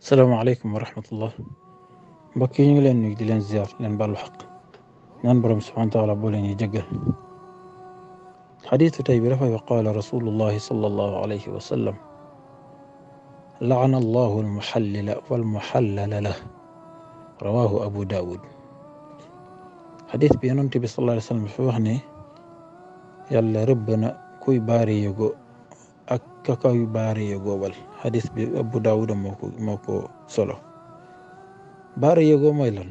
السلام عليكم ورحمة الله بكين لأنه يجد لين زيار لأن حق لأن برم سبحانه وتعالى بولين يجقل حديث تيب رفع وقال رسول الله صلى الله عليه وسلم لعن الله المحلل والمحلل له رواه أبو داود حديث بينون تبي صلى الله عليه وسلم فوهني يلا ربنا كوي باري يقول ak kakayu baariye goobal xadis bi abu daawuda moo ko solo baariye goo mooy lan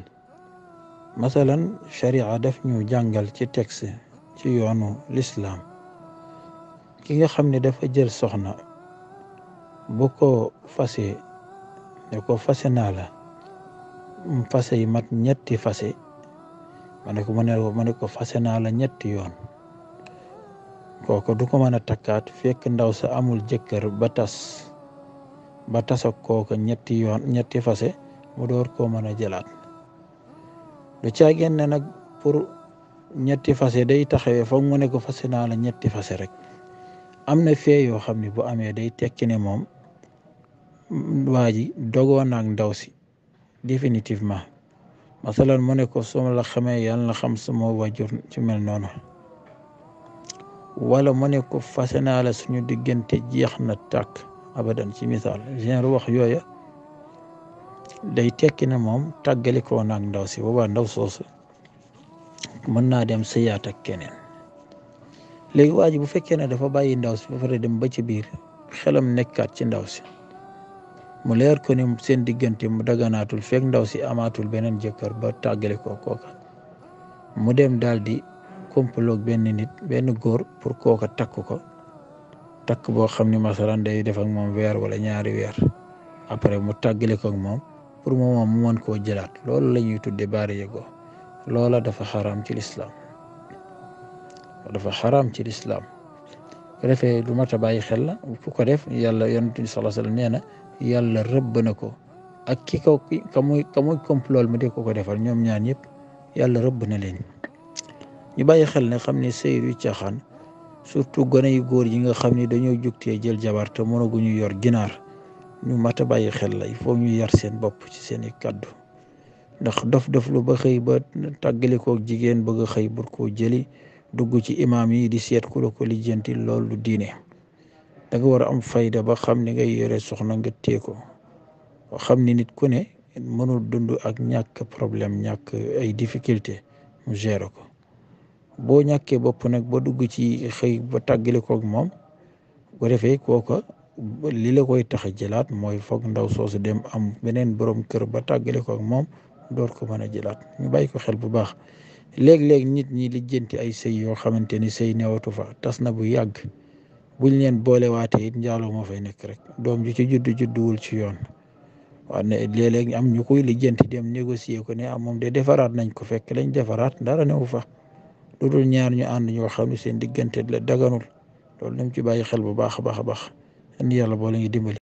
masalan sharia daf ñu jàngal ci texte ci yoonu lislaam ki nga xam ne dafa jël soxna bu ko fase ne ko fase naa la fase yi mat ñetti fase mane ne ko ma ne ko fase naa la ñetti yoon kooko du ko mën a takkaat fekk ndaw sa amul jëkkër ba tas ba tas ak ñetti yoon ñetti fase mu door koo mën a jëlaat du caageen ne nag pour ñetti fase day taxawee foog mu ne ko fase naa la ñetti fase rek am na fee yoo xam ne bu amee day tekki ne moom waa ji dogoo naag ndaw si définitivement masalan mu ne ko suma la xamee yàlla na xam sama wajur ci mel noonu wala mu ne ko fase naa la suñu diggante jeex na tàkk abadan ci misaal genre wax yooya day tekki na moom ko naag ndaw si boobaa ndaw soosu mën naa dem sëyaat ak keneen léegi waa bu fekkee ne dafa bàyyi ndaw si ba pare dem ba ci biir xelam nekkaat ci ndaw si mu leer ko ni seen diggante mu daganaatul fekk ndaw si amaatul beneen jëkkër ba tàggalikoo kooka mu dem daal di kompaloog ben nit benn góor pour kooka takk ko tak boo xam ni masalan day def ak mom wer wala ñaari wer après mu tàggale ko ak mom pour mom mu mën ko jelat loolu lañuy tuddé tuddee baari yego loola dafa haram ci l'islam dafa haram ci l'islam bu du mata baye xel la fu ko def yalla sallallahu alayhi wasallam neena na rebb nako ko ak kiko ko ki ka complot mu dee ko ko defal ñom ñaan yëpp yalla rebb na leen ñu bàyyi xel ne xam ne sëy du caaxaan surtout gone yu góor yi nga xam ne dañoo jugtee jël jabar te mënaguñu yor ginaar ñu mat a bàyyi xel lay il ñu yar seen bopp ci seen i kàddu ndax dof-dof lu ba xëy ba tàggalikoo jigéen bëgg a xëy bur koo jëli dugg ci imaam yi di seet ku la ko lijjanti loolu diine da nga war a am fayda ba xam ne ngay yore soxna nga téye ko xam ni nit ku ne mënul dund ak ñàkk problème ñàkk ay difficulté mu gérer ko. boo ñàkkee bopp nag ba dugg ci xëy ba tàggali koog moom bo defee kooka li la koy tax jëlaat mooy foog ndaw soosu dem am beneen borom kër ba tàggali koog moom door ko mën a jëlaat bàyyi ko xel bu baax léeg-léeg nit ñi lijjanti ay sëy yoo xamante ni sëy newatu fa tas na bu yàgg buñ leen boolewaatee it njaaloo moo fay nekk rek doom ju ci judd judduwul ci yoon waaw ne léeg-léeg am ñu koy lijjanti dem négocier ko ne am ah, moom de defaraat nañ ko fekk lañ defaraat dara newu fa. lu dul ñaar ñu ànd ñoo xam ne seen diggante la daganul loolu nañ ci bàyyi xel bu baax a baax a baax yàlla boole ñu dimbali